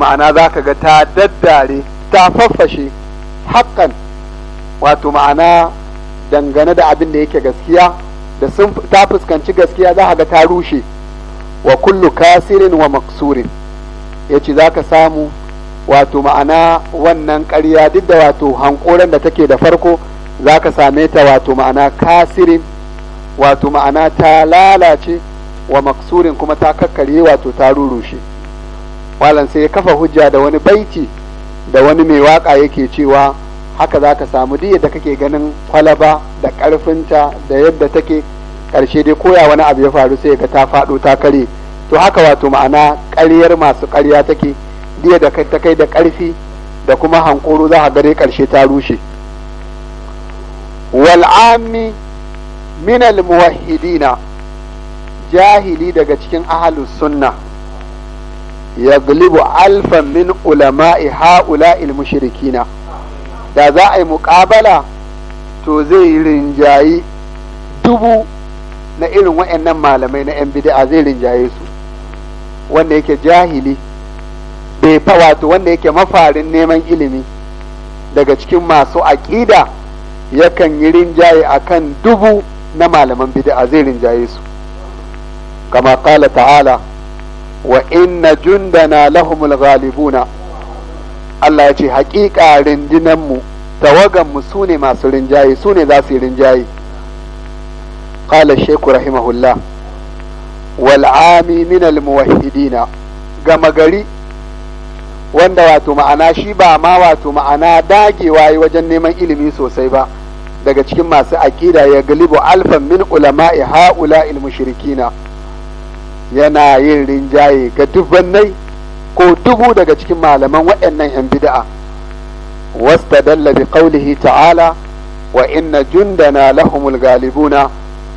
ma'ana za ka ga ta daddare ta faffashe hakan wato ma'ana dangane da abin da yake gaskiya da sun ta fuskanci gaskiya za ga ta rushe wa kullu kasirin wa maksurin ya ce za ka samu wato ma'ana wannan karya duk da wato hankoran da take da farko za ka same ta wato ma'ana kasirin wato ma'ana ta lalace wa maksurin kuma ta kakkare wato ta rurushe. malam sai ya kafa hujja da wani baiti da wani mai waka yake cewa haka za ka samu diya da kake ganin kwalaba da ƙarfinta da yadda take ƙarshe dai koya wani abu ya faru sai ga ta faɗo ta kare to haka wato ma'ana ƙaryar masu ƙarya take diya da ta kai da ƙarfi da kuma hankoro za ka gare karshe ta rushe wal'ami minal muwahhidina jahili daga cikin ahlus sunna yaglibu alfan min ulama'i ha'ula'il mushrikina da za a yi muƙabala to zai rinjayi dubu na irin wa'annan malamai na 'yan bid'a zai rinjaye su wanda yake jahili bai fa wato wanda yake mafarin neman ilimi daga cikin masu aƙida yakan yi rinjaye akan dubu na malaman bid'a zai rinjaye su kama ta'ala wa inna jundana lahumul ghalibuna Allah ya ce haƙiƙa mu tawaganmu su ne masu rinjaye su za su yi rinjaye qala sheku rahimahullah wal ami min al muwahhidina gama gari wanda wato ma'ana shi ba ma wato ma'ana dagewa yi wajen neman ilimi sosai ba daga cikin masu aƙida ya galibu alfan min ulama'i ha'ula il mushrikina yana yin rinjaye ga dubbannai ko dubu daga cikin malaman waɗannan 'yan bid'a wastadalla bi qaulihi ta'ala wa inna jundana lahumul galibuna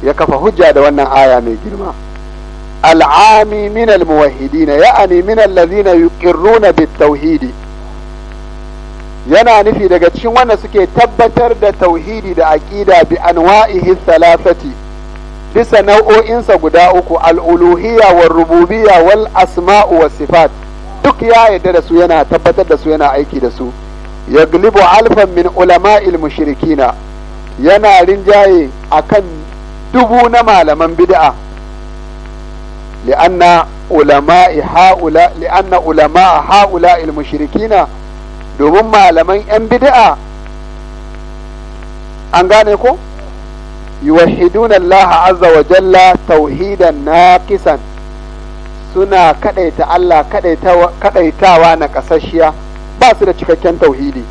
ya kafa hujja da wannan aya mai girma al'ami min almuwahhidina ya'ani min alladhina yuqirruna bit-tauhidi yana nufi daga cikin wanda suke tabbatar da tauhidi da aqida bi anwa'ihi thalathati bisa nau'o'insa guda uku al'uluhiyya wa rububiyya wal asma'u wa sifat duk ya yarda da su yana tabbatar da su yana aiki da su yaglibu alfan min ulama'il mushrikina yana rinjaye akan dubu na malaman bid'a li'anna ulama'i haula li'anna ulama'a haula'il mushrikina domin malaman 'yan bid'a an gane ko yuwahiduna Allah azza wa jalla tauhidan naqisan suna kadaita Allah kadaitawa na kasashiya ba su da cikakken tauhidi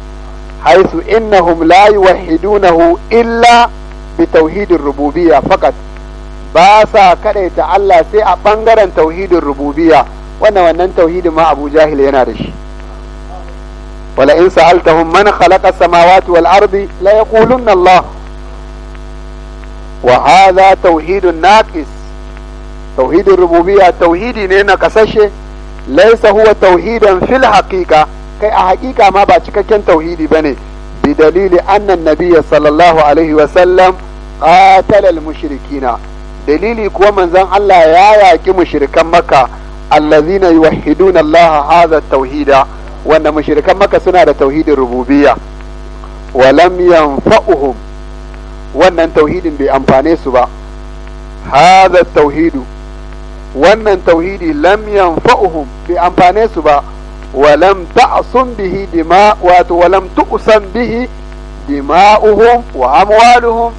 haisu innahum la yuwahidunahu illa bi tauhidin rububiyya fakat ba sa kadaita Allah sai a ɓangaren tauhidin rububiya. wannan wannan tauhidin ma Abu Jahil yana da shi wala in sa'altahum man khalaqa samawati wal ardi la yaqulunna Allah wa hadha tauhidun naqis tauhidin rububiyya tauhidi ne na kasashe laisa huwa tauhidan fil haqiqa kai a haqiqa ma ba cikakken tauhidi bane bi dalili anna nabiyya sallallahu alaihi wa sallam qatala al mushrikina dalili kuwa manzon Allah ya yaki mushrikan makka allazina yuwahhiduna Allah hadha tauhida wanda mushirikan maka suna da tauhidin rububiyya wa lam yanfa'uhum wannan tauhidin bai amfane su ba haza tauhidu wannan tauhidi lam yanfa'uhum bai amfane su ba wa ta'sun bihi dima wato wa tu'san bihi dima'uhum wa amwaluhum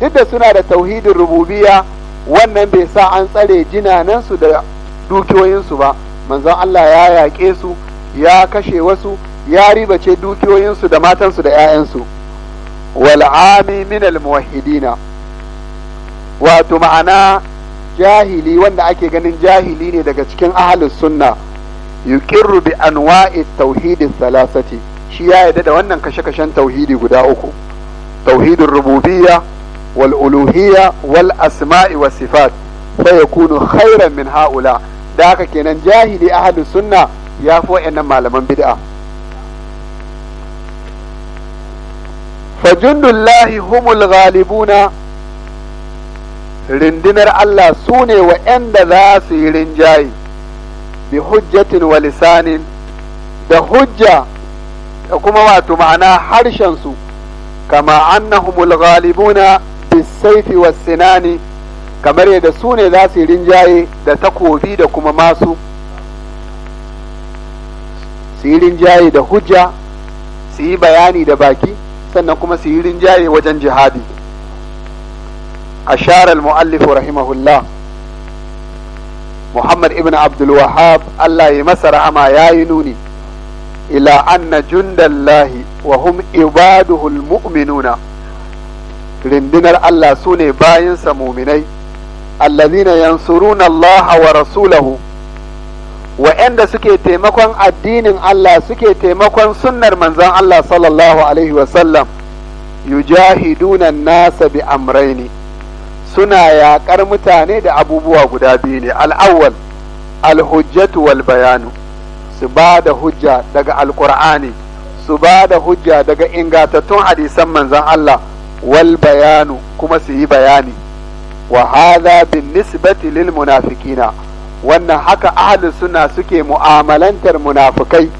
duk da suna da tauhidin rububiya, wannan bai sa an tsare jinanansu da dukiyoyinsu ba manzon Allah ya yaƙe su ya kashe wasu ya ribace dukiyoyinsu da matansu da 'ya'yansu. wal'ami minal muwahidina wato ma'ana jahili wanda ake ganin jahili ne daga cikin ahalus sunna yuqirru bi anwa'i tauhidin salasati shi ya yarda da wannan kashe-kashen tauhidi guda uku tauhidin rububiyya wal uluhiyya wal asma'i wasifat sifat ya kunu khairan min ha'ula da haka kenan jahili ahalin sunna ya fi malaman bid'a fajundullahi humul ghalibuna rindinar Allah sune ne wa'yanda za su yi rinjaye bi hujjatin wa da hujja da kuma wato ma'ana harshensu kama annahumul ghalibuna bisaifi was sinani kamar yadda su ne za su yi rinjaye da takobi da kuma masu su yi rinjaye da hujja su yi bayani da baki sannan kuma su yi rinjaye wajen jihadi ashara al-mu'allif rahimahullah muhammad ibn abdul wahhab Allah ya masa rahama yayi nuni ila anna lahi wa hum ibaduhu al-mu'minuna rindinar Allah sune bayansa muminai allazina yansuruna Allah wa rasulahu wa'anda suke taimakon addinin Allah suke taimakon sunnar manzon Allah sallallahu alaihi wasallam yujahiduna nasa bi amraini suna yaƙar mutane da abubuwa guda biyu ne al'awwal alhujjatu wal bayanu su ba da hujja daga alkur'ani su ba da hujja daga ingantattun hadisan manzon Allah wal bayanu kuma su yi bayani wa hadha bin nisbati lil munafiqina wannan haka ahli suna suke mu'amalantar munafukai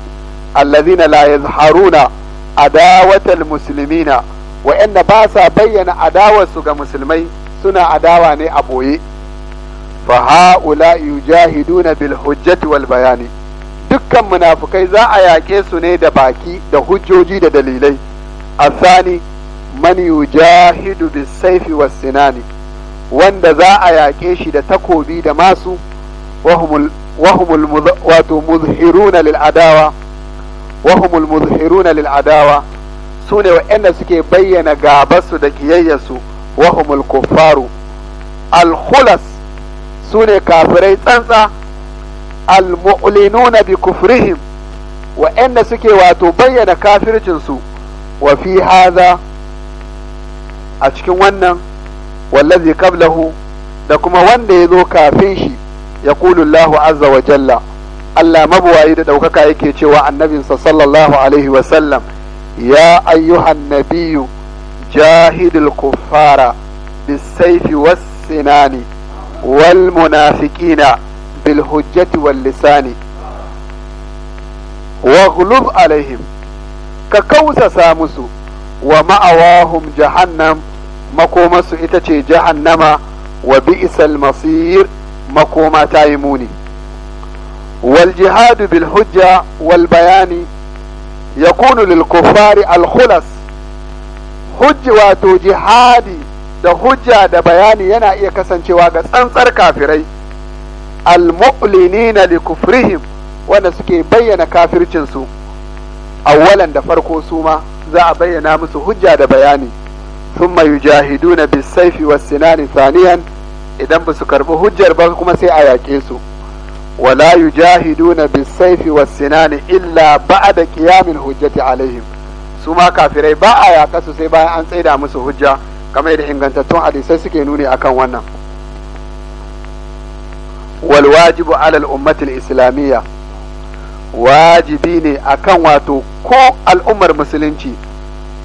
allazina la yazharuna adawatal muslimina wa'anda ba sa bayyana adawarsu ga musulmai suna adawa ne a boye fa haula yujahiduna bil hujjati wal bayani dukkan munafukai za a yaƙe su ne da baki da hujjoji da dalilai asani man yujahidu bis saifi was sinani wanda za a yaƙe shi da takobi da masu وهم المذ... واتو مظهرون للعداوة وهم المظهرون للعداوة سوني وإن سكي بيّن غابس دكييس وهم الكفار الخلص سوني كافري تنسى المؤلنون بكفرهم وإن سكي واتو بيّن كافر جنسو وفي هذا أشكي ونن والذي قبله da kuma wanda ya zo kafin shi yaqulu Allahu azza wa jalla Allah mabuwayi da ɗaukaka yake cewa annabinsa sallallahu alaihi wasallam ya ayyuhan nabiyu jahidul kuffara bisaifi wassinani wal munafiqina bil hujjati wal lisani wa alaihim ka kausasa musu wa ma'awahum jahannam makomarsu ita ce jahannama wa bi'sal masir makoma ta yi muni waljihadu jihadu walbayani hujja wal bayani yakunu lil hujji wato jihadi da hujja da bayani yana iya kasancewa ga tsantsar kafirai al mu'linina li wanda suke bayyana kafircinsu Auwalan da farko suma za a bayyana musu hujja da bayani ثم يجاهدون بالسيف والسنان Saniyan. idan ba su karbi hujjar ba kuma sai a yaƙe su wala yujahiduna bisayfi was-sinani illa ba'da qiyamil hujjati alaihim su ma kafirai ba a yaƙa su sai bayan an tsaida musu hujja kamar da ingantattun hadisai suke nuni akan wannan wal wajibu alal ummatin islamiyya wajibi ne akan wato ko al'ummar musulunci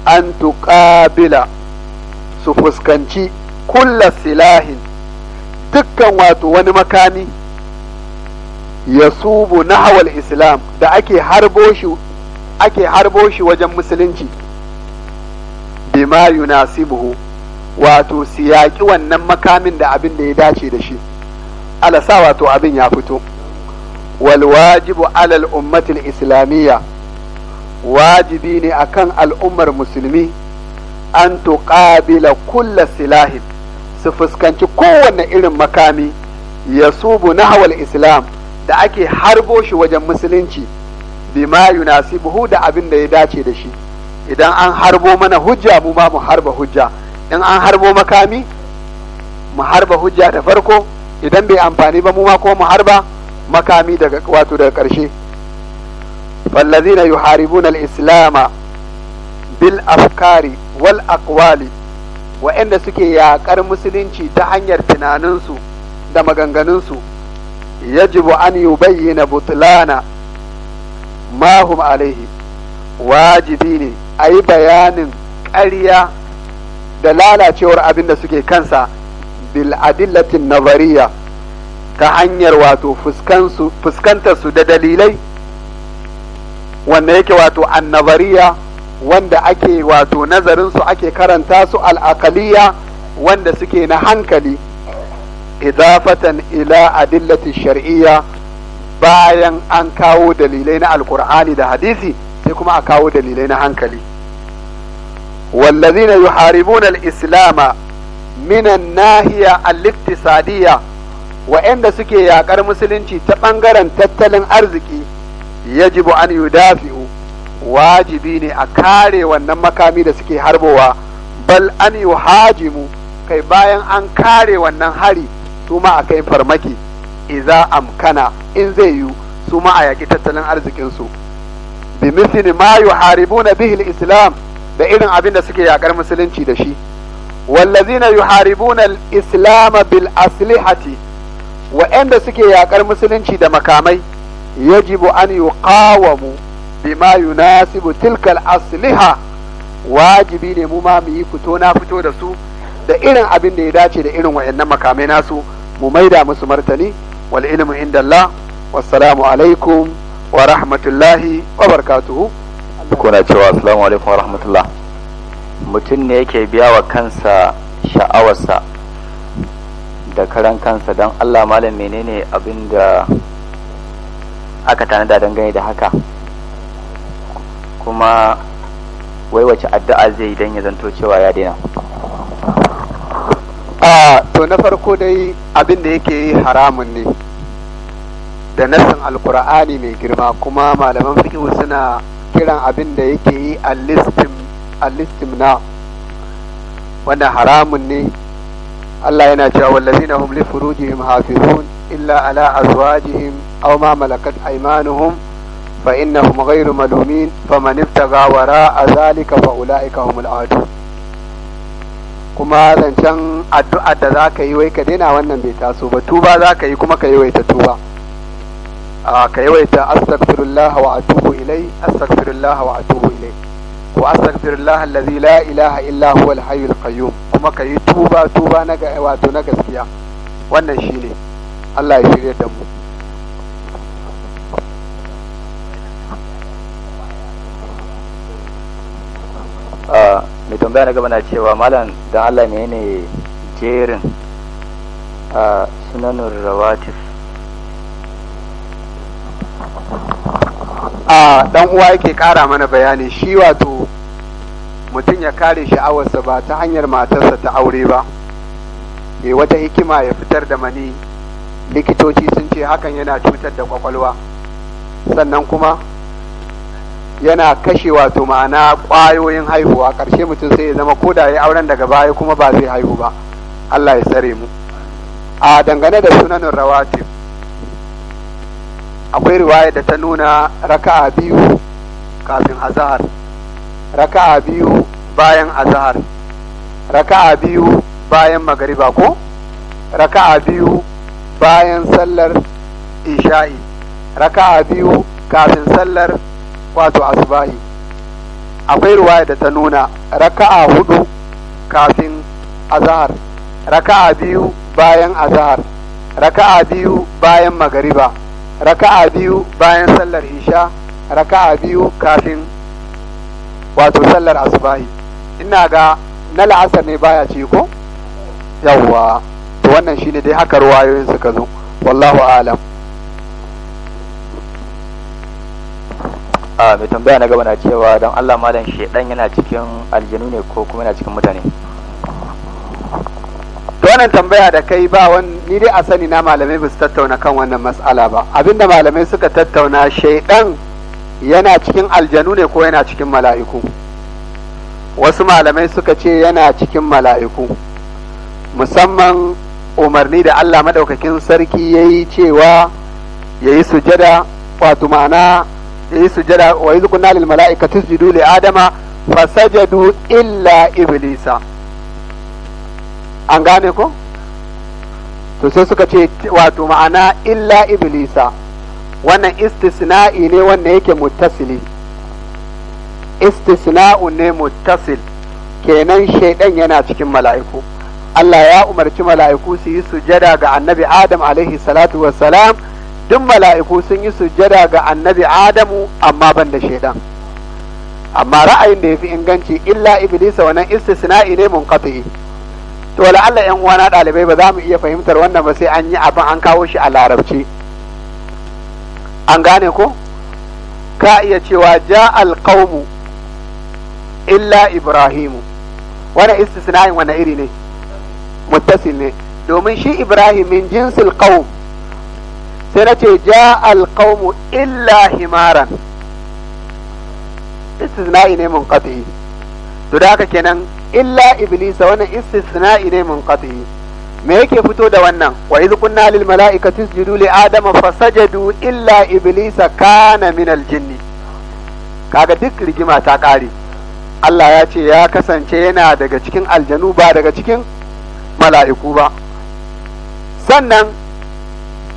an tuƙabila su fuskanci kulla silahin dukkan wato wani makami ya subu na hawal islam da ake harbo shi ake harbo shi wajen musulunci bima yunasibuhu wato yaƙi wannan makamin da abin da ya dace da shi alasa wato abin ya fito wal wajibu alal ummatil islamiyya wajibi ne akan al'ummar musulmi an tuqabila kulla silahin su fuskanci kowane irin makami ya subu nahawal islam da ake harbo shi wajen musulunci bima yunasibuhu da abin da ya dace da shi idan an harbo mana hujja mu ma mu harba hujja in an harbo makami mu harba hujja da farko idan bai amfani ba mu ma ko mu harba makami daga wato daga ƙarshe fallazina yuharibuna al-islama bil afkari wal aqwali waɗanda suke yaƙar musulunci ta hanyar tunaninsu da maganganunsu yajibu an yi butlana butulana mahum alaihi wajibi ne a yi bayanin ƙarya da lalacewar abin da suke kansa bil adillatin nazariya ta hanyar wato fuskantarsu da dalilai wanda yake wato annabariya wanda ake wato nazarin su ake karanta su al'akaliya wanda suke na hankali idafatan ila adillati shar'iyya bayan an kawo dalilai na alkur'ani da hadisi sai kuma a kawo dalilai na hankali wallazina yuharibuna al-islam minan nahiya al-iktisadiyya wa'anda suke yaƙar musulunci ta ɓangaren tattalin arziki yajibu an yudafi wajibi ne a kare wannan makami da suke harbowa bal an yuhajimu kai bayan an kare wannan hari su ma a kai farmaki iza amkana in zai yiwu su ma a yaƙi tattalin arzikinsu bi misli ma yuharibuna islam da irin abin da suke yaƙar musulunci da shi wallazina yuharibuna al-islam bil aslihati wa'anda suke yaƙar musulunci da makamai yajibu an yuqawamu bima yunasibu tilkal asliha wajibi ne mu ma mu yi fito na fito da su da irin abin da ya dace da irin wayannan makamai nasu mu maida musu martani wal ilmu inda Allah wassalamu alaikum wa rahmatullahi wa barakatuhu kuna cewa assalamu alaikum wa rahmatullah mutum ne yake biya wa kansa sha'awarsa da karan kansa don Allah malam menene abin da aka tanada dangane da haka kuma wai wace addu'a zai dan ya zanto cewa ya daina a to na farko dai abin da yake yi haramun ne da nasin alkur'ani mai girma kuma malaman fiqh suna kiran abin da yake yi al-listim na wanda haramun ne Allah yana cewa wallazina hum li furujihim hafizun illa ala azwajihim aw ma malakat aymanuhum فإنهم غير ملومين فمن ابتغى وراء ذلك فأولئك هم العادون kuma zancen addu'ar da za ka yi wai ka daina wannan bai taso ba tuba za ka yi kuma ka yi yawaita tuba a ka yi yawaita astaghfirullah wa atubu ilai astaghfirullah wa atubu ilai ko astaghfirullah allazi la ilaha illa huwa al-hayyul qayyum kuma ka yi tuba tuba na wato na gaskiya wannan shine Allah ya shirya da mu mai tambaya na gaba na cewa malam don allah ne jerin sunanin rawatif a dan uwa yake kara mana bayani shi wato mutum ya kare sha'awarsa ba ta hanyar matarsa ta aure ba e wata hikima ya fitar da mani likitoci sun ce hakan yana cutar da kwakwalwa sannan kuma yana kashe wato ma'ana ƙwayoyin haihuwa ƙarshe mutum sai ya zama ko da ya auren daga baya kuma ba zai haihu ba Allah ya tsare mu a dangane da sunanin rawatib akwai riwaya da ta nuna raka'a biyu kafin azahar raka'a biyu bayan azahar raka'a biyu bayan magariba ko raka'a biyu bayan sallar isha'i raka'a biyu kafin sallar wato asubahi akwai ruwaya da ta nuna raka'a hudu kafin azahar raka'a biyu bayan azahar raka'a biyu bayan magariba raka'a biyu bayan sallar isha raka'a biyu kafin wato sallar asubahi ina ga na la'asar ne baya ci ko yawwa to wannan shine dai haka ruwayoyin suka zo wallahu alam a mai tambaya na gaba na cewa don Allah malam shaidan yana cikin aljanu ne ko kuma yana cikin mutane wannan tambaya da kai ba wani ni dai a sani na malamai ba su tattauna kan wannan mas'ala ba abinda malamai suka tattauna shaidan yana cikin aljanu ne ko yana cikin mala'iku wasu malamai suka ce yana cikin mala'iku musamman umarni da Allah madaukakin sarki ya yi cewa ya yi sujada wato ma'ana yayi sujada wa iz kunna lil mala'ikati isjudu li adama fasajadu illa iblisa an gane ko to sai suka ce wato ma'ana illa iblisa wannan istisna'i ne wanda yake muttasili istisna'u ne muttasil kenan shaidan yana cikin mala'iku Allah ya umarci mala'iku su yi sujada ga annabi Adam alaihi salatu wassalam salam duk mala'iku sun yi sujjada ga annabi adamu amma ban da shaidan amma ra'ayin da ya fi inganci illa iblisa wannan istisna'i ne mun kafi to la'alla yan uwana ɗalibai ba za mu iya fahimtar wannan ba sai an yi abin an kawo shi a larabci an gane ko ka iya cewa ja alqaumu illa ibrahimu wani istisna'in wani iri ne muttasil ne domin shi ibrahim min jinsil qaum sai na ce ja alƙaumu illa himaran istisna'i ne munqati to da aka kenan illa iblisa wannan istisna'i ne munqati me yake fito da wannan wa iz qulna lil mala'ikati isjudu li adama fasajadu illa iblisa kana min al jinni kaga duk rigima ta kare Allah ya ce ya kasance yana daga cikin aljanu ba daga cikin mala'iku ba sannan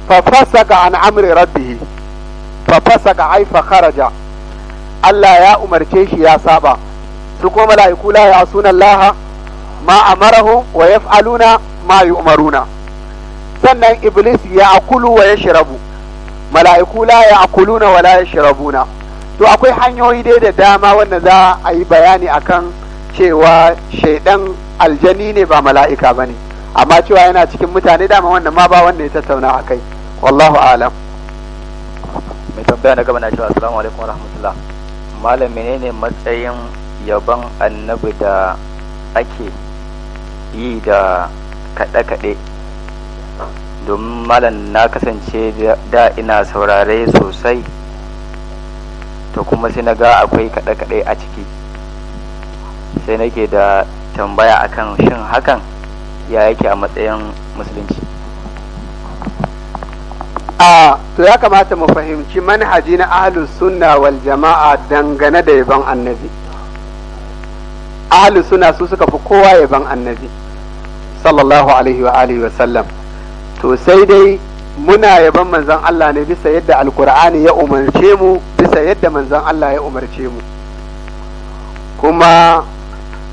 ففسق عن أمر ربه ففسق أي فخرج الله يا أمر كيش يا سابا سكو ملائكو لا يعصون الله ما أمره ويفعلون ما يؤمرون سنة إبليس يأكل ويشرب mala'iku la ya akuluna wa la yashrabuna to akwai hanyoyi dai da dama wanda za a yi bayani akan cewa shaidan aljani ne ba mala'ika ba ne, amma cewa yana cikin mutane dama wanda ma ba wanda ya tattauna a kai. wallahu alam mai tambaya na gaba na cewa assalamu alaikum rahmatullah malam menene matsayin yaban annabi da ake yi da kaɗe-kaɗe domin malam na kasance da ina saurare sosai ta kuma sai na ga akwai kaɗe-kaɗe a ciki sai nake da tambaya akan shin hakan ya yake a matsayin musulunci a to ya kamata mu fahimci manhaji na ahlus sunna wal jama'a dangane da yaban annabi ahlus sunna su suka fi kowa yaban annabi sallallahu alaihi wa alihi wa sallam to sai dai muna yaban manzon Allah ne bisa yadda alkur'ani ya umarce mu bisa yadda manzon Allah ya umarce mu kuma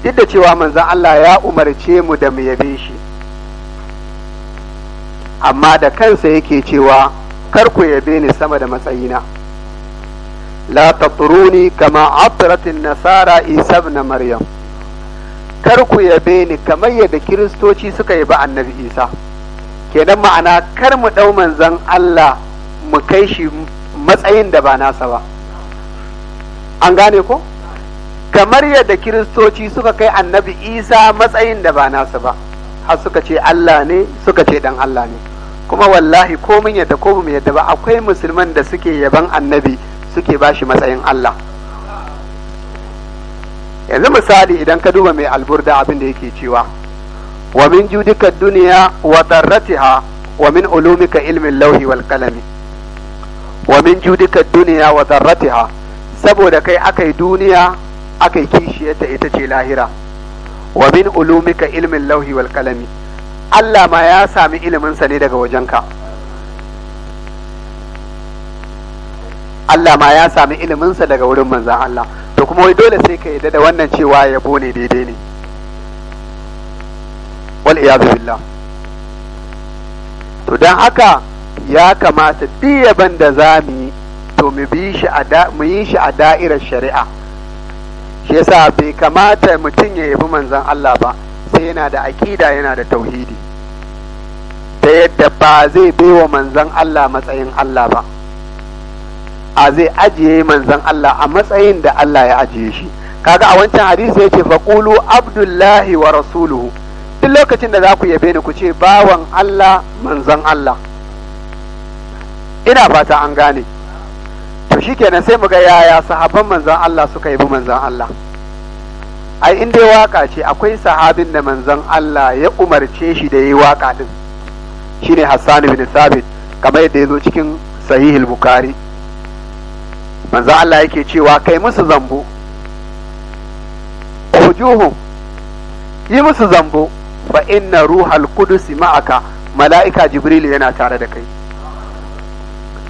duk da cewa manzon Allah ya umarce mu da mu yabe shi amma da kansa yake cewa kar ku yabe ni sama da matsayina la tatruni kama atratin nasara isa ibn maryam kar ku yabe ni kamar yadda kiristoci suka yi ba annabi isa kenan ma'ana kar mu dau manzon allah mu kai shi matsayin da ba nasa ba an gane ko kamar yadda kiristoci suka kai annabi isa matsayin da ba nasa ba har suka ce allah ne suka ce dan allah ne kuma wallahi ko mun yadda ko mu yadda ba akwai musulman da suke yaban annabi suke bashi matsayin Allah yanzu misali idan ka duba mai alburda abin da yake cewa wa min judika duniya wa darratiha wa min ulumika ilmin lauhi wal kalami wa min judika duniya wa darratiha saboda kai akai duniya akai ta ita ce lahira wa min ulumika ilmin lauhi wal kalami Allah ma ya sami iliminsa ne daga wajenka Allah ma ya sami iliminsa daga wurin manzan Allah to kuma wai dole sai ka yadda da wannan cewa yabo ne daidai ne wal iyadu billah to don haka ya kamata duk yaban da za mu yi to mu yi shi a da'irar shari'a shi yasa bai kamata mutum ya yabi manzan Allah ba sai yana da aƙida yana da tauhidi ta yadda ba zai baiwa manzan Allah matsayin Allah ba a zai ajiye manzan Allah a matsayin da Allah ya ajiye shi kaga a wancan hadisi ce faqulu abdullahi wa rasuluhu duk lokacin da za ku yabe ni ku ce bawan Allah manzan Allah ina fata an gane to shi shikenan sai mu ga yaya sahabban manzan Allah suka yabi manzan Allah ai in dai waka ce akwai sahabin da Manzan Allah ya umarce shi da yi waka din shine Hassan bin Thabit kamar yadda ya zo cikin sahihul Bukhari manzo Allah yake cewa kai musu zambo hujuhum yi musu zambo fa inna ruhal qudus ma'aka mala'ika jibril yana tare da kai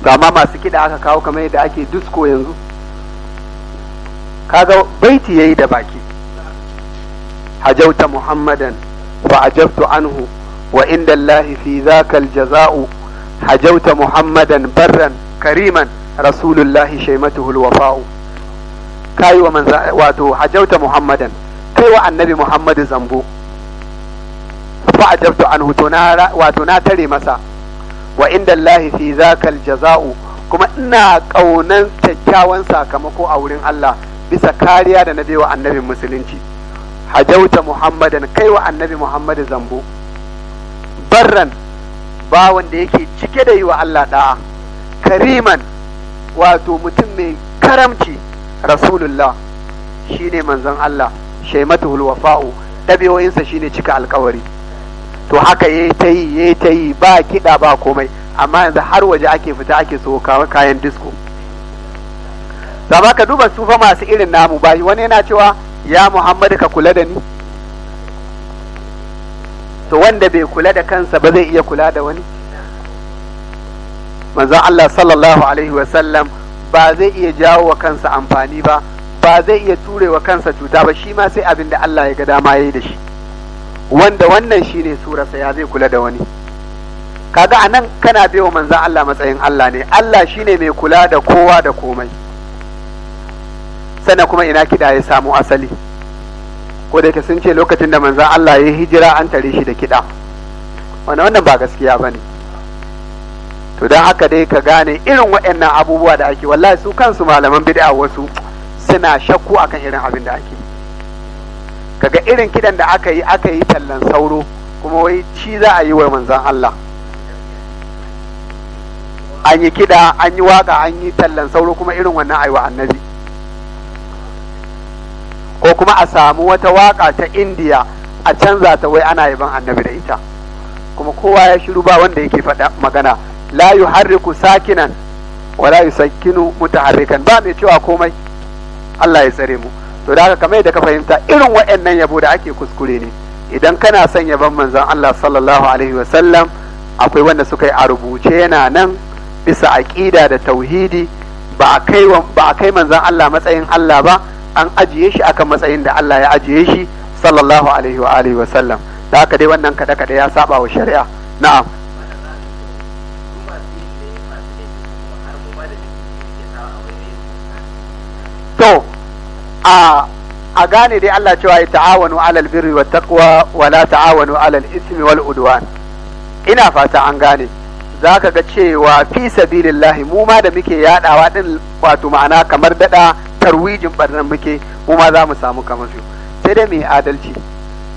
ma masu kiɗa aka kawo kamar yadda ake dusko yanzu kaga baiti yayi da baki hajauta muhammadan fa ajabtu anhu wa inda Allah fi zaka aljaza'u hajauta Muhammadan barran kariman rasulullahi shaimatuhu alwafa'u kai wa manza wato hajauta Muhammadan kai wa annabi Muhammadu zambo fa'ajabtu anhu to na na tare masa wa inda fi zaka aljaza'u kuma ina ƙaunan kyakkyawan sakamako a wurin Allah bisa kariya da na wa annabin musulunci hajauta muhammadan kai wa annabi muhammadu zambo barran bawan da yake cike da yi wa Allah ɗa’a, kariman wato mutum mai karamci rasulullah shine manzon Allah Hulwafa'u wafa'u shi shine cika alkawari to haka yi ta yi yi ta yi ba kiɗa ba komai amma yanzu har waje ake fita ake so kayan disko zama ka duba su masu irin namu ba wani yana cewa ya muhammadu ka kula da ni to wanda bai kula da kansa ba zai iya kula da wani manzon Allah sallallahu alaihi wasallam ba zai iya jawo wa kansa amfani ba ba zai iya ture wa kansa cuta ba shi ma sai abin da Allah ya ga dama yayi da shi wanda wannan shine surarsa ya zai kula da wani kaga anan kana bai wa manzon Allah matsayin Allah ne Allah shine mai kula da kowa da komai sana kuma ina kida ya samu asali ko da yake sun ce lokacin da manzan Allah ya hijira an tare shi da kiɗa wani wannan ba gaskiya ba ne to don haka dai ka gane irin waɗannan abubuwa da ake wallahi su kansu malaman bid'a wasu suna shakku akan irin abin da ake kaga irin kiɗan da aka yi aka yi tallan sauro kuma wai ci za a yi wa manzan Allah an yi kiɗa an yi waka an yi tallan sauro kuma irin wannan aiwa annabi kuma a samu wata waka ta indiya a canza ta wai ana yaban annabi da ita kuma kowa ya shiru ba wanda yake faɗa magana la harriku sakinan wa la yusakkinu mutaharrikan ba mai cewa komai Allah ya tsare mu to da haka kamar yadda ka fahimta irin waɗannan yabo da ake kuskure ne idan kana son yaban manzon Allah sallallahu alaihi wa sallam akwai wanda suka yi a rubuce yana nan bisa aƙida da tauhidi ba a kai manzon Allah matsayin Allah ba an ajiye shi akan matsayin da Allah ya ajiye shi sallallahu alaihi wa alihi wa sallam da aka dai wannan kada kada ya saba wa shari'a na'am to a a gane dai Allah cewa ya ta'awanu alal birri wa taqwa wa la ta'awanu alal ismi wal udwan ina fata an gane za ga cewa fi sabilillahi mu ma da muke yadawa din wato ma'ana kamar dada tarwijin barnan muke mu ma za mu samu kamar su sai dai mai adalci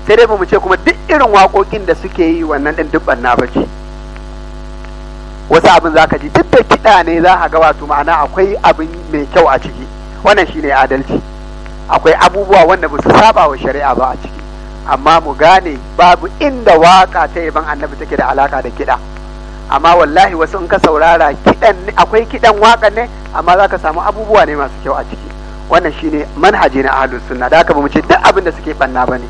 sai dai mu ce kuma duk irin waƙoƙin da suke yi wannan ɗin duk barna ba ce wasu abin za ka ji duk da kiɗa ne za a ga wato ma'ana akwai abin mai kyau a ciki wannan shi ne adalci akwai abubuwa wanda ba su saba wa shari'a ba a ciki amma mu gane babu inda waƙa ta yaban annabi take da alaka da kiɗa amma wallahi wasu in ka saurara kiɗan akwai kiɗan waka ne amma za ka samu abubuwa ne masu kyau a ciki wannan shine manhaji na ahlus sunna da haka ba ce duk abin da suke banna ba ne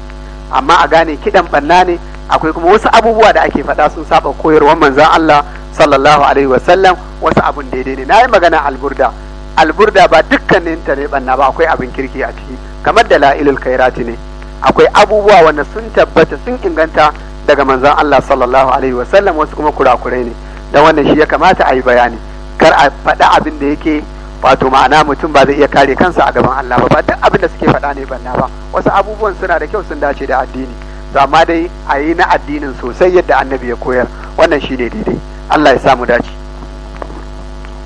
amma a gane kiɗan banna ne akwai kuma wasu abubuwa da ake faɗa sun saba koyarwar manzon Allah sallallahu alaihi wasallam wasu abun daidai ne nayi magana alburda alburda ba dukkanin ta ne banna ba akwai abin kirki a ciki kamar da la'ilul khairati ne akwai abubuwa wanda sun tabbata sun inganta daga manzon Allah sallallahu alaihi wasallam wasu kuma kurakurai ne dan wannan shi ya kamata a yi bayani kar a faɗa abin da yake wato ma'ana mutum ba zai iya kare kansa a gaban Allah ba ba duk abin da suke faɗa ne banna ba wasu abubuwan suna da kyau sun dace da addini to amma dai a yi na addinin sosai yadda annabi ya koyar wannan shi ne daidai Allah ya samu dace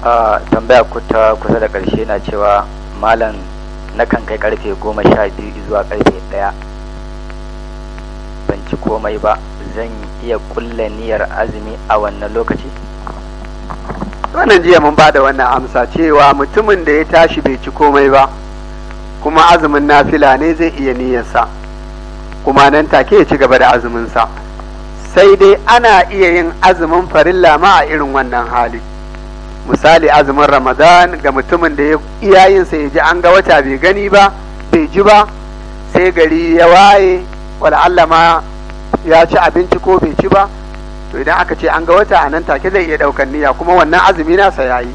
a tambaya ta kusa da karshe na cewa malam nakan kai karfe goma sha biyu zuwa karfe ɗaya ban ci komai ba zan iya kulle niyyar azumi a wannan lokaci wannan jiya mun ba da wannan amsa cewa mutumin da ya tashi bai ci komai ba kuma azumin nafila ne zai iya niyyarsa kuma nan take ya ci gaba da azuminsa sai dai ana iya yin azumin farin ma a irin wannan hali misali azumin ramadan ga mutumin da ya iyayinsa ya ji an ga wata bai gani ba bai ji ba sai gari ya waye wala ma ya ci abinci ko bai ci ba to idan aka ce an ga wata a nan take zai iya ɗaukan niyya kuma wannan azumi nasa ya yi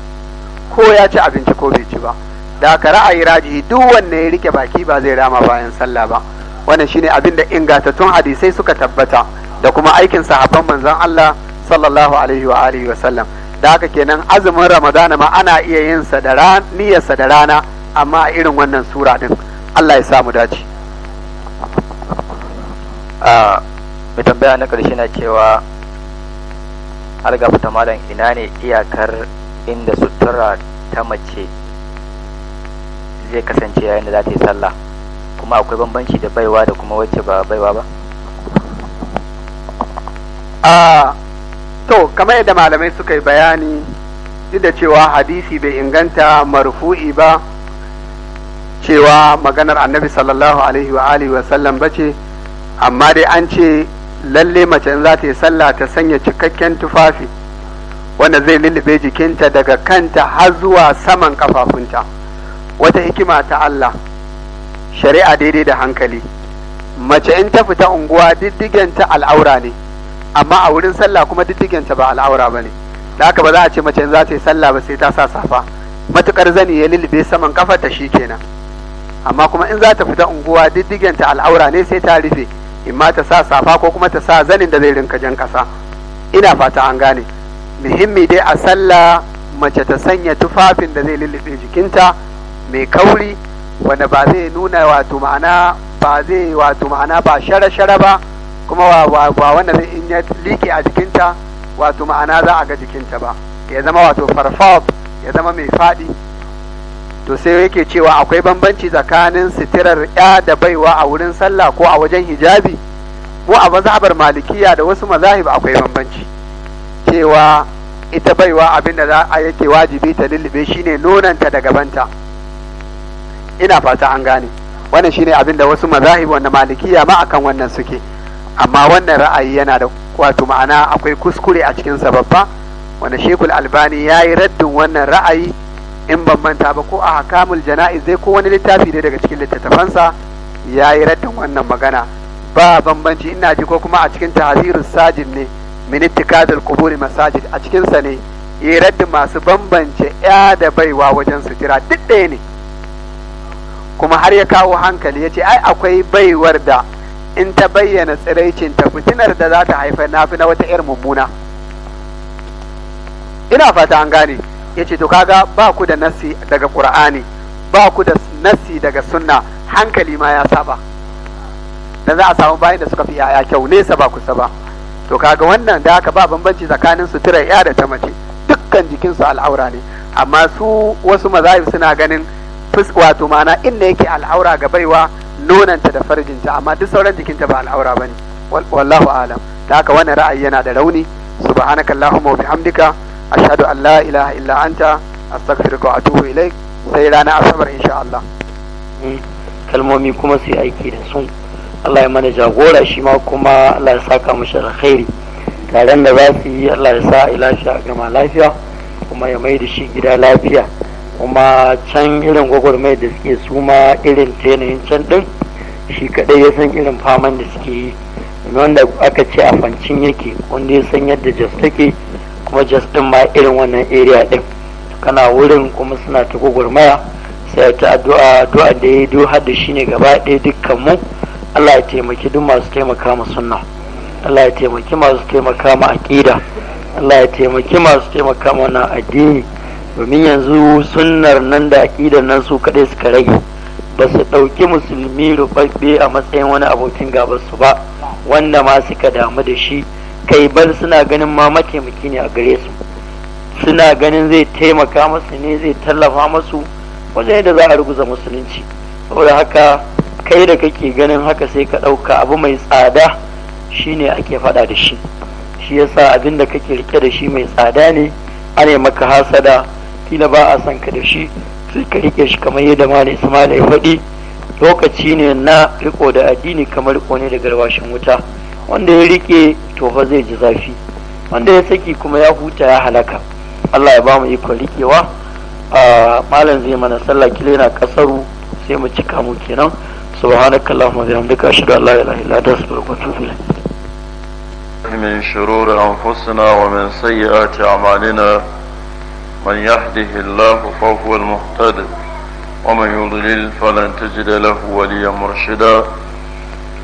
ko ya ci abinci ko bai ci ba da ka ra'ayi raji duk wanne ya rike baki ba zai rama bayan sallah ba wannan shine abin da ingantattun hadisai suka tabbata da kuma aikin sahabban manzon Allah sallallahu alaihi wa alihi wa sallam da haka kenan azumin ramadana ma ana iya yin sa da niyyar sa da rana amma a irin wannan sura din Allah ya samu dace a ah, mai tambaya na karshe na cewa fita malam ina ne iyakar inda sutura ta mace zai kasance yayin da za ta yi sallah kuma akwai bambanci da baiwa da kuma wacce ba baiwa ba a to kamar yadda malamai suka yi bayani duk da cewa hadisi bai inganta marfu'i ba cewa maganar annabi sallallahu alaihi wa alihi wa sallam bace amma dai an ce lalle mace in za ta yi sallah ta sanya cikakken tufafi wanda zai lullube jikinta daga kanta har zuwa saman kafafunta wata hikima ta Allah shari'a daidai da hankali mace in ta fita unguwa diddigenta al'aura ne amma a wurin sallah kuma diddigenta ba al'aura ba ne da haka ba za a ce mace in za ta yi sallah ba sai ta sa safa matukar zani ya lullube saman ta shi kenan amma kuma in za ta fita unguwa diddigenta al'aura ne sai ta rufe imma ta sa safa ko kuma ta sa zanin da zai rinka jan ƙasa ina fata an gane muhimmi dai a sallah mace ta sanya tufafin da zai lullube jikinta mai kauri wanda ba zai nuna wato ma'ana ba zai wato ma'ana ba shara-shara ba kuma ba wanda zai in ya liƙe a jikinta wato ma'ana za a ga jikinta ba ya zama wato farfaf ya zama mai faɗi to sai yake cewa akwai bambanci tsakanin sitirar ya da baiwa a wurin sallah ko a wajen hijabi ko a mazhabar malikiya da wasu mazahib akwai bambanci cewa ita baiwa abin da za a yake wajibi ta lullube shine nonanta da gabanta ina fata an gane wannan shine abin da wasu mazahib wanda malikiya ma akan wannan suke amma wannan ra'ayi yana da wato ma'ana akwai kuskure a cikin sababba wanda shekul albani ya yi raddin wannan ra'ayi in ban manta ba ko a hakamul jana'iz dai ko wani littafi dai daga cikin littattafansa ya yi rattan wannan magana ba bambanci ina ji ko kuma a cikin tahzirus sajid ne min ittikadul quburi masajid a cikin sa ne ya raddi masu bambance ya da baiwa wajen sutura duk ɗaya ne kuma har ya kawo hankali ya ce ai akwai baiwar da in ta bayyana tsiraicin ta fitinar da za ta haifar na fi na wata 'yar mummuna ina fata an gane ya ce to kaga ba ku da nasi daga qur'ani ba ku da nasi daga sunna hankali ma ya saba dan za a samu bayan da suka fi yaya kyau nesa ba kusa ba to kaga wannan da haka ba bambanci tsakanin suturar ya da ta mace dukkan jikinsu al'aura ne amma su wasu mazahib suna ganin wato ma'ana inda yake al'aura ga baiwa nonanta da farjinta amma duk sauran jikinta ba al'aura bane wallahu alam ta haka wannan ra'ayi yana da rauni subhanakallahumma wa bihamdika ashadu an la ilaha illa anta astaghfiruka wa atubu ilaik sai rana asabar insha Allah kalmomi kuma sai aiki da su Allah ya mana jagora shi ma kuma Allah ya saka mu alkhairi taron da za su yi Allah ya sa a gama lafiya kuma ya mai da shi gida lafiya kuma can irin gwagwarmai da suke su ma irin ta yanayin can din shi kadai ya san irin faman da suke yi wanda aka ce a fancin yake wanda ya san yadda jas take kuma jos ma irin wannan area din kana wurin kuma suna ta gwagwarmaya sai ta addu'a addu'a da ya do har da shi ne gaba ɗaya dukkan mu Allah ya taimaki duk masu taimaka ma sunna Allah ya taimaki masu taimaka ma aqida Allah ya taimaki masu taimaka ma na addini domin yanzu sunnar nan da aqidar nan su kaɗai suka rage ba su ɗauki musulmi rufaffe a matsayin wani abokin gabar su ba wanda ma suka damu da shi kai bar suna ganin ma mataimaki ne a gare su suna ganin zai taimaka masu ne zai tallafa masu wajen yadda za a ruguza musulunci saboda haka kai da kake ganin haka sai ka ɗauka abu mai tsada shine ake faɗa da shi shi yasa abin da kake rike da shi mai tsada ne ne maka hasada kila ba a son ka da shi sai ka rike shi kamar yadda malam ismail ya faɗi lokaci ne na riko da addini kamar riko ne da garwashin wuta wanda ya rike tofa zai ji zafi wanda ya saki kuma ya huta ya halaka Allah ya ba mu ikon rikewa a malam zai mana sallah kila yana kasaru sai mu cika mu kenan subhanakallahumma wa bihamdika ashhadu an la ilaha illa anta astaghfiruka wa atubu ilayk من شرور أنفسنا ومن سيئات أعمالنا من يهده الله فهو المهتد ومن يضلل فلن تجد له وليا مرشدا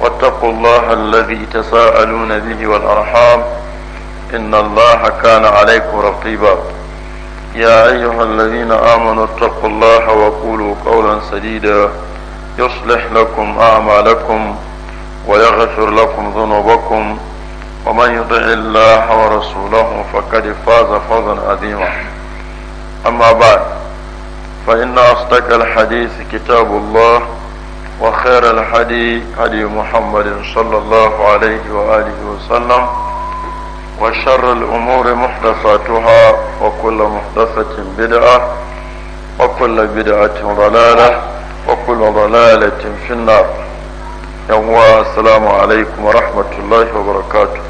واتقوا الله الذي تساءلون به والأرحام إن الله كان عليكم رقيبا يا أيها الذين آمنوا اتقوا الله وقولوا قولا سديدا يصلح لكم أعمالكم ويغفر لكم ذنوبكم ومن يطع الله ورسوله فقد فاز فوزا عظيما أما بعد فإن أصدق الحديث كتاب الله وخير الحدي هدي محمد صلى الله عليه وآله وسلم وشر الأمور محدثاتها وكل محدثة بدعة وكل بدعة ضلالة وكل ضلالة في النار يوم السلام عليكم ورحمة الله وبركاته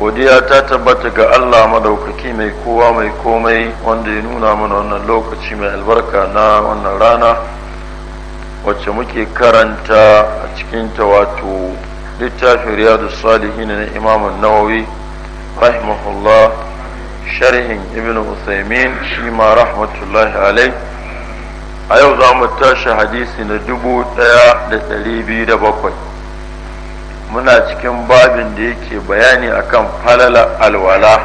godiya ta tabbata ga Allah madaukaki mai kowa mai komai wanda ya nuna mana wannan lokaci mai albarka na wannan rana wacce muke karanta a ta wato littafin riyadu salihi na imamun nawawi rahimahullah sharhin ibn usaimin shi ma rahmatullahi alai a yau za mu tashi hadisi na dubu daya da ɗari biyu da bakwai muna cikin babin da yake bayani akan falala alwala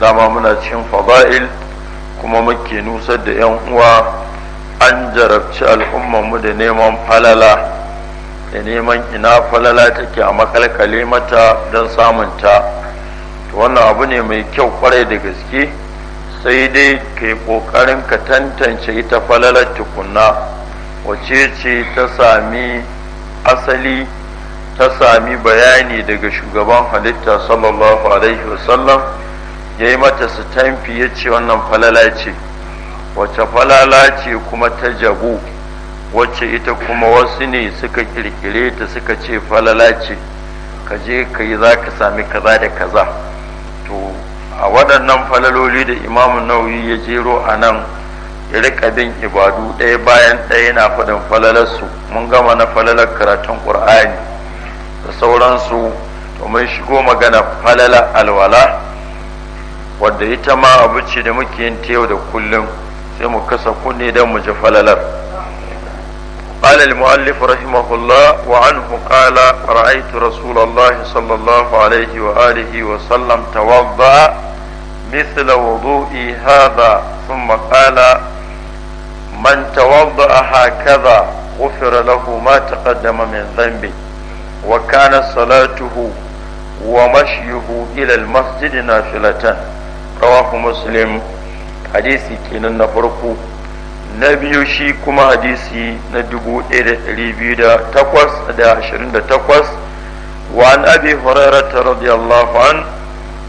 dama muna cikin fada'il kuma muke nusar da 'yan uwa an jarabci al'ummanmu da neman falala da neman ina falala take a makalkale mata don samunta wannan abu ne mai kyau kwarai da gaske sai dai ka kokarin ƙoƙarin ka tantance ita falalar tukunna wace ce ta sami asali ta sami bayani daga shugaban halitta sallallahu alaihi wasallam ya yi mata sitamfi ya ce wannan falala ce wace falala ce kuma ta jabu wace ita kuma wasu ne suka kirkire ta suka ce falala ce ka je ka yi za ka sami kaza da kaza to a waɗannan falaloli da imamu nauyi ya jero a nan ya bin ibadu ɗaya bayan ɗaya na faɗin falalarsu mun gama na falalar karatun ƙur'ani da sauransu domin mun shigo magana falala alwala wadda ita ma abu ce da muke yin ta yau da kullum sai mu kasa kunne don mu ji falalar قال المؤلف رحمه الله وعنه قال رأيت رسول الله صلى الله عليه وآله وسلم توضأ مثل وضوئي هذا ثم قال من توضأ هكذا غفر له ما تقدم من ذنبه wa kana salatuhu wa mashyuhu ila almasjid nafilatan rawahu muslim hadisi kenan na farko na biyu shi kuma hadisi na 1228 wa an abi hurairah an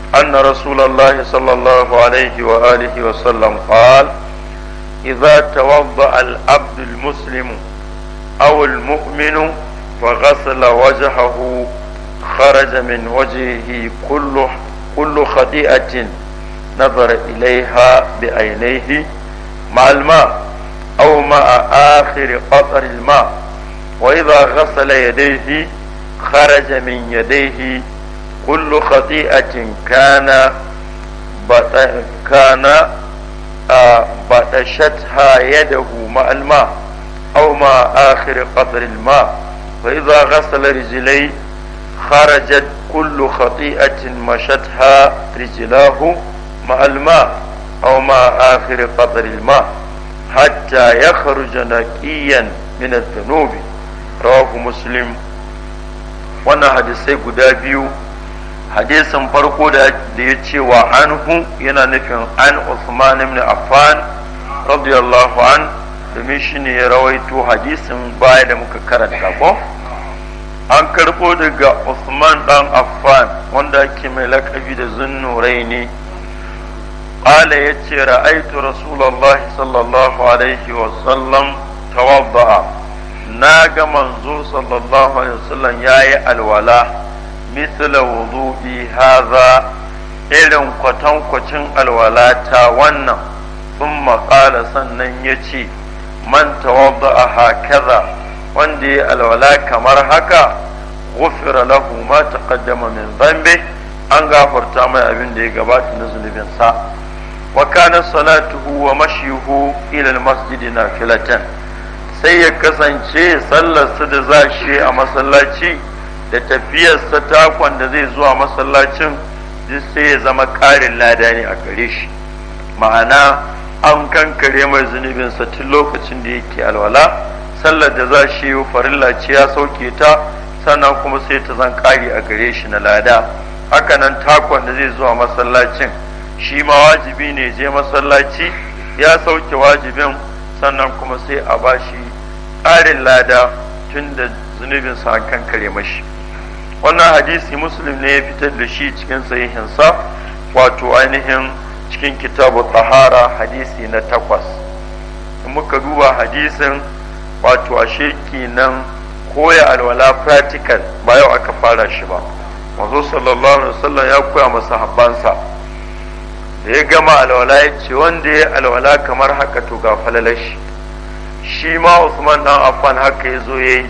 أن رسول الله صلى الله عليه وآله وسلم قال إذا توضأ العبد المسلم أو المؤمن وغسل وجهه خرج من وجهه كل كل خطيئة نظر إليها بعينيه مع الماء أو مع آخر قطر الماء وإذا غسل يديه خرج من يديه كل خطيئة كان كان آه، بطشتها يده مع الماء أو مع آخر قطر الماء فإذا غسل رجلي خرجت كل خطيئة مشتها رجلاه مع الماء أو مع آخر قطر الماء حتى يخرج نكيا من الذنوب رواه مسلم وانا حديثي قدابيو حديثا فرقو ديتي وعنه ينا نفهم عن عثمان بن عفان رضي الله عنه domin shi ne ya rawaito hadisin baya da muka karanta ko an karɓo daga Usman ɗan Affan wanda ke mai laƙabi da zunnurai ne ƙala ya ce ra'aitu rasulallah sallallahu alaihi wa sallam tawadda'a na ga manzo sallallahu alaihi wa sallam ya yi alwala mithla wudu'i haza irin kwatankwacin alwala ta wannan sun maƙala sannan ya ce man tawadda'a hakaza wanda ya alwala kamar haka ghufira lahu ma taqaddama min zambe. an gafarta mai abin da ya gabata na zunubinsa wa na salatuhu wa mashyuhu ila na nafilatan sai ya kasance sallarsa da za shi a masallaci da tafiyarsa takon da zai zuwa masallacin duk sai ya zama ƙarin lada ne a gare shi ma'ana an kankare mai zunubinsa tun lokacin da yake alwala sallar da za shi yi farilla ce ya sauke ta sannan kuma sai ta zan kare a gare shi na lada hakanan takon da zai zuwa masallacin shi ma wajibi ne je masallaci ya sauke wajibin sannan kuma sai a ba shi ƙarin lada tun da zunubinsa an kankare mashi wannan hadisi muslim ne ya fitar da shi cikin sahihinsa wato ainihin cikin kitabu tahara hadisi na takwas in muka duba hadisin wato ashe nan koya alwala practical ba yau aka fara shi ba manzo sallallahu alaihi wasallam ya koya masa habbansa da ya gama alwala ya ce wanda ya alwala kamar haka to ga falalashi shi ma usman dan affan haka ya zo ya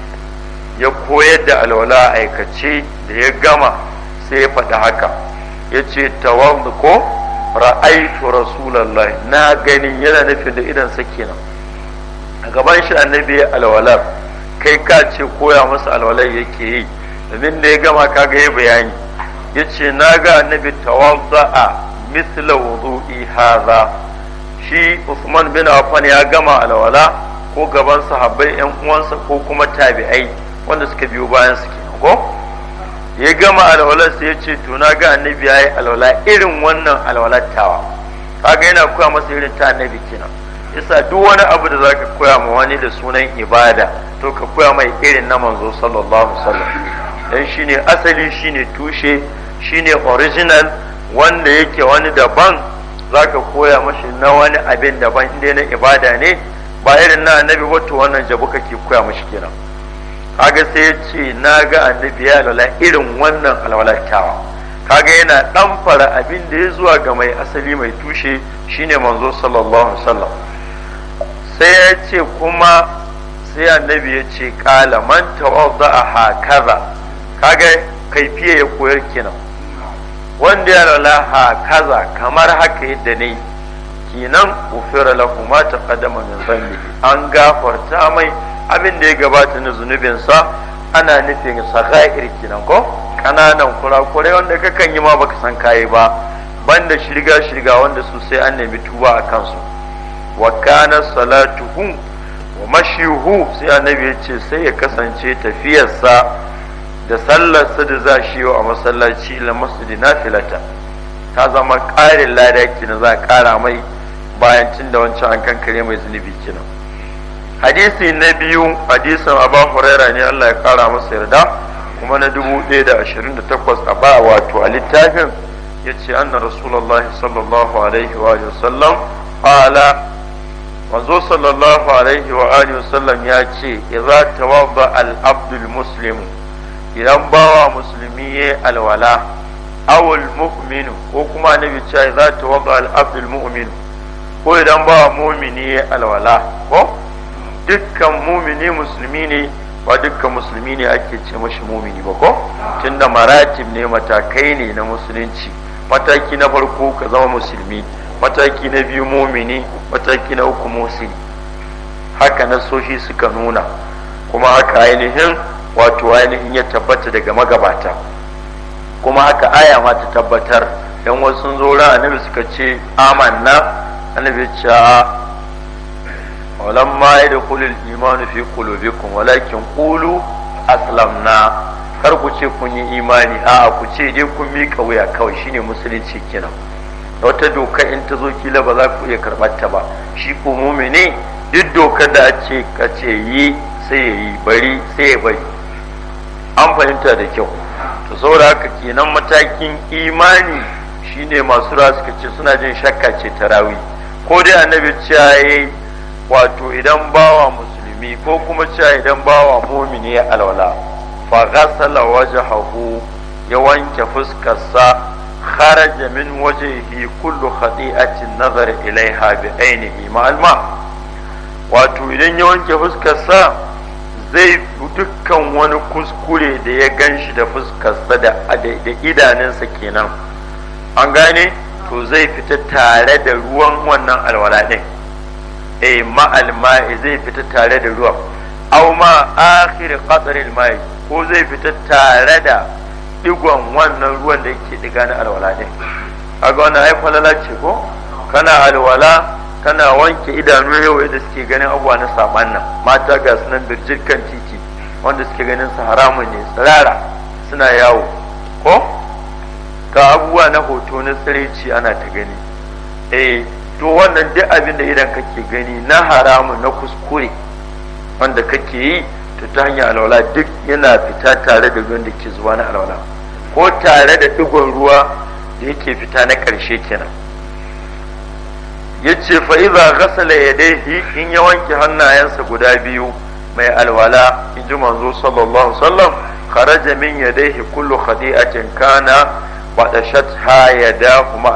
ya koyar da alwala aikace da ya gama sai ya faɗi haka ya ce tawadu ko ra'aitu rasulullahi na gani yana nufin da idan sa kenan a gaban shi annabi alwala kai ka ce koya masa alwala yake yi domin da ya gama kaga ya bayani ya ce na ga annabi tawadda'a misla wudu'i haza shi Usman bin Affan ya gama alwala ko gaban sahabbai yan uwansa ko kuma tabi'ai wanda suka biyo bayan su ke ko ya gama alwalar sai ya ce to na ga annabi yayi alwala irin wannan alwalar tawa kaga yana koya masa irin ta annabi kenan yasa duk wani abu da zaka koya ma wani da sunan ibada to ka koya mai irin na manzo sallallahu alaihi wasallam dan shine asali shine tushe shine original wanda yake wani daban zaka koya mashi na wani abin daban inda na ibada ne ba irin na annabi wato wannan jabu kake koya mashi kenan kaga sai ya ce na ga annabi ya alwala irin wannan alwalartawa, kaga yana dan fara abin da ya zuwa ga mai asali mai tushe shine manzo sallallahu alaihi wasallam sai ya ce kuma sai annabi ya ce kala man ha kaza kaga kaifiye ya koyar kenan wanda ya alwala hakaza kamar haka yadda ne kenan ufira lahu ma taqaddama min an gafarta mai abin da ya gabata na zunubinsa ana nufin saka'ir kenan ko kananan kurakurai wanda kakan yi ma baka san kayi ba banda shirga shirga wanda su sai an nemi tuba a kansu wa kana salatuhu wa mashihu sai annabi ya ce sai ya kasance tafiyarsa da sallarsa da za shi a masallaci la masjidi nafilata ta zama ƙarin ladaki na za a ƙara mai bayan tun da wancan an kankare mai zunubi kenan hadisi na biyu hadisin abu huraira ne Allah ya kara masa yarda kuma na dubu ɗaya da da ashirin takwas a ba wato a littafin ya ce anna rasulallah sallallahu alaihi wa sallam qala manzo sallallahu alaihi wa wa sallam ya ce idza tawadda al abdul muslim idan bawa musulmi ya alwala awul mu'minu ko kuma annabi ce idza tawadda al abdul mu'min ko idan bawa mu'mini ya alwala ko dukkan mumini musulmi ne ba dukkan musulmi ne ake ce mashi mumini ba ko tunda maratib ne matakai ne na musulunci mataki na farko ka zama musulmi mataki na biyu mumini mataki na uku musulmi. haka na nasoshi suka nuna kuma haka ainihin wato ainihin ya tabbata daga magabata kuma haka aya ma ta tabbatar yan wasu sun zo annabi suka ce amanna annabi ce walamma yadkhulu al-iman fi qulubikum walakin qulu aslamna kar ku ce kun yi imani a'a ku ce dai kun miƙa wuya kawai shine musulunci kenan wata doka in ta zo kila ba za ku iya karɓar ta ba shi ku mumini duk dokar da ce ka ce yi sai ya yi bari sai ya bari an fahimta da kyau to saboda haka kenan matakin imani shine masu rawa suka ce suna jin shakka ce tarawi ko dai annabi ce wato idan bawa musulmi ko kuma cewa idan bawa mumini ya alwala fa ghasala wajhahu ya wanke fuskarsa kharaja min wajhihi kullu khati'atin nazar ilaiha bi ainihi ma'alma wato idan ya wanke fuskarsa zai dukkan wani kuskure da ya ganshi da fuskarsa da idanunsa kenan an gane to zai fita tare da ruwan wannan alwala ɗin E ma'al ma'i zai fita tare da ruwan aw ma akhir qatril ma'i ko zai fita tare da digon wannan ruwan da yake diga na alwala ne? kaga wannan ai falala ce ko kana alwala kana wanke idanu yau da suke ganin abuwa na saban nan mata ga sunan birjir kan titi wanda suke ganin su haramun ne tsirara suna yawo ko ga abubuwa na hoto na sirici ana ta gani eh to wannan duk abin da idan kake gani na haramu na kuskure wanda kake yi to ta hanyar alwala duk yana fita tare da ruwan da ke zuwa na alwala ko tare da digon ruwa da yake fita na ƙarshe kenan yace fa iza ghasala ya daihi in ya wanke hannayensa guda biyu mai alwala in ji manzo sallallahu sallam kharaja min ya daihi kullu khadi'atin kana wa dashat ha ya da kuma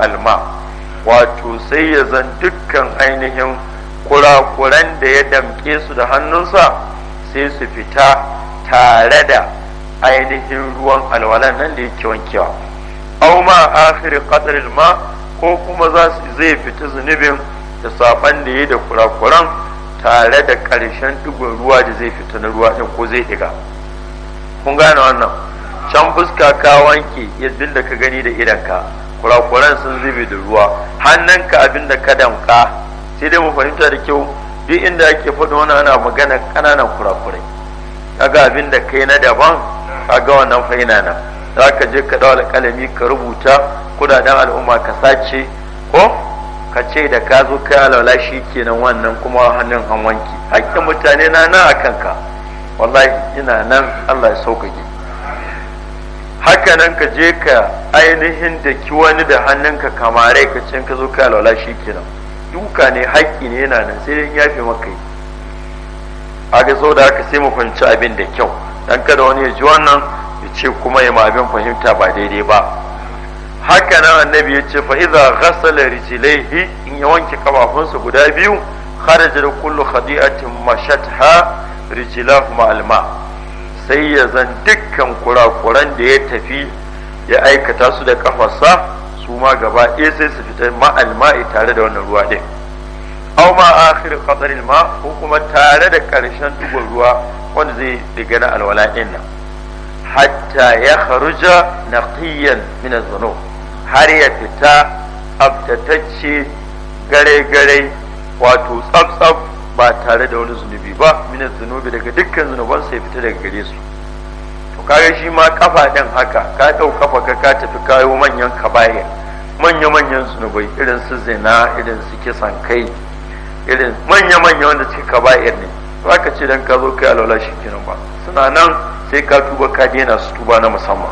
wato sai ya zan dukkan ainihin kurakuran da ya damke su da hannunsa sai su fita tare da ainihin ruwan alwalan nan da yake wankewa au ma akhir ƙasarin ma ko kuma za su zai fita zunubin da saban da yi da kurakuran tare da ƙarshen digon ruwa da zai fita na ruwa ɗin ko zai diga kun gane wannan can fuska ka wanke yadda da ka gani da idanka kurakuran sun zube da ruwa hannanka abin da ka damka sai dai mu fahimta da kyau duk inda ake faɗo wani ana magana ƙananan kurakurai kaga abin da kai na daban kaga wannan faina nan za ka je ka ɗau alƙalami ka rubuta kudaden al'umma ka sace ko ka ce da ka zo kai alwala shi kenan wannan kuma hannun hanwanki hakkin mutane na nan a kanka wallahi ina nan allah ya sauƙaƙe hakanan ka je ka ainihin da ki wani da hannunka kamarai ka can ka zo ka lola shi kenan duka ne haƙƙi ne yana nan sai ya fi maka yi ga sau da haka sai mu fahimci abin da kyau dan kada wani ya ji wannan ya ce kuma ya ma abin fahimta ba daidai ba haka nan annabi ya ce fa idza ghasala rijlaihi in ya wanke kafafunsa guda biyu kharaja da kullu khadi'atin mashatha rijlahu maalma sai ya zan dukkan kurakuran da ya tafi ya aikata su da kafarsa su ma gaba ɗaya sai su fita ma'alma'i tare da wannan ruwa ɗin au ma akhir qataril ma ko kuma tare da ƙarshen dugon ruwa wanda zai diga na alwala ɗin nan hatta ya kharuja naqiyan min har ya fita abtatacce gare gare wato tsaf tsaf ba tare da wani zunubi ba mina zunubi daga dukkan zunuban sai fita daga gare su to kaga shi ma kafa din haka ka ɗau kafa ka ka tafi kayo manyan kabaye manya manyan zunubai irin su zina irin su kisan kai irin manya manya wanda suke kaba'ir ne ba ka ce dan ka zo kai alwala shi kenan ba suna nan sai ka tuba ka daina su tuba na musamman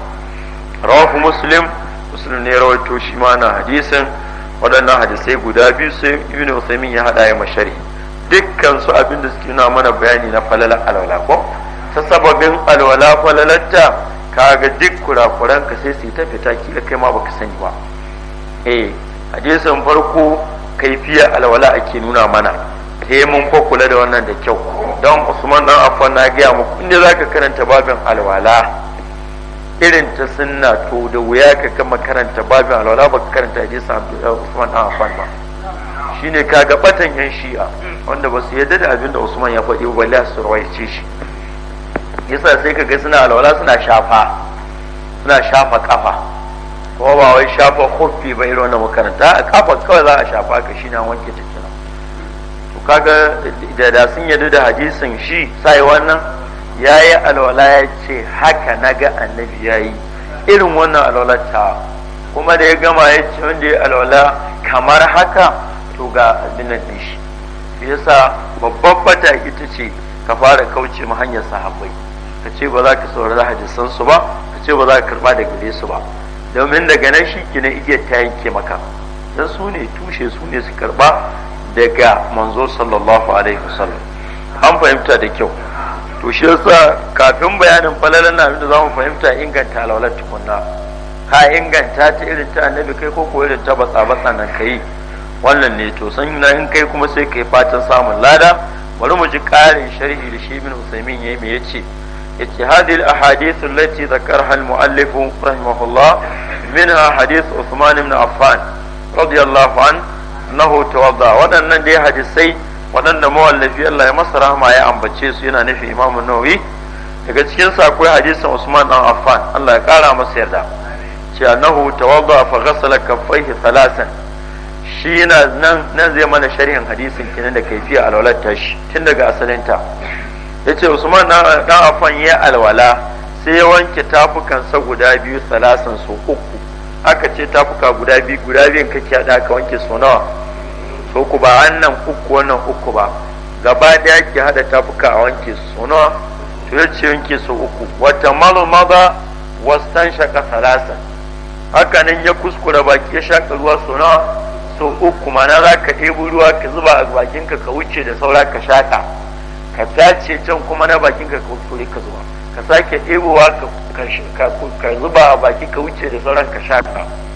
rawahu muslim muslim ne rawaito shi ma na hadisin waɗannan hadisai guda biyu sai ibnu usaimin ya haɗa ya mashari dukkan su abinda suke nuna mana bayani na falala alwala ko ta sababin alwala falalarta kaga duk kurakuran ka sai su ta fita kila kai ma baka sani ba eh hadisin farko kaifiyar alwala ake nuna mana sai mun fa kula da wannan da kyau don usman dan Afan na gaya muku inda zaka karanta babin alwala irin ta sunna to da wuya ka kama karanta babin alwala baka karanta hadisin usman dan Afan. ba shine ga batan yan shi'a wanda ba su yadda da abin da usman ya faɗi ba balle su rawaice shi yasa sai kaga suna alwala suna shafa suna shafa kafa Ko ba wai shafa kofi ba irin wannan makaranta a kafa kawai za a shafa ka shi na wanke cikina to kaga da da sun yadda da hadisin shi sai wannan yayi alwala ya ce haka naga annabi yayi irin wannan alwala ta kuma da ya gama ya ce wanda ya alwala kamar haka so ga addinan din shi shi yasa babban fata ita ce ka fara kauce ma hanyar sahabbai ka ce ba za ka saurari hadisan su ba ka ce ba za ka karba da gare su ba domin daga nan shi kina iya ta yanke maka dan su ne tushe su ne su karba daga manzo sallallahu alaihi wasallam an fahimta da kyau to shi yasa kafin bayanin falalan nan da zamu fahimta inganta alwalar tukunna ka inganta ta irin ta annabi kai ko ko irin ta batsa batsa nan kai wannan ne to san yana in kai kuma sai kai fatan samun lada bari mu ji ƙarin sharhi da shi bin usaimin yayi me yace yace hadhihi al-ahadith allati zakarha al-mu'allif rahimahullah minha hadith Uthman ibn Affan radiyallahu an annahu tawadda waɗannan dai hadisai waɗanda mawallafi Allah ya masa rahma ya ambace su yana nufi Imam Nawawi daga cikin sa akwai hadisin Usman dan Affan Allah ya kara masa yarda ce annahu tawadda fa ghassala kaffaihi thalasan shi yana nan nan zai mana sharhin hadisin kenan da kaifiya alwalar tashi tun daga asalinta yace Usman na da afan ya alwala sai ya wanke tafukan sa guda biyu salasan su uku aka ce tafuka guda biyu guda biyun kake hada ka wanke su nawa so ku ba annan uku wannan uku ba gaba daya ki hada tafuka a wanke su nawa to yace wanke su uku wata malu maza wastan shaka salasan haka nan ya kuskura baki ya shaka ruwa su nawa to uku mana za ka ɗebo ruwa ka zuba a bakinka ka wuce da saura ka shaƙa ka tace can kuma na bakinka ka kuskure ka zuba ka sake ɗebowa ka zuba a baki ka wuce da sauran ka shaƙa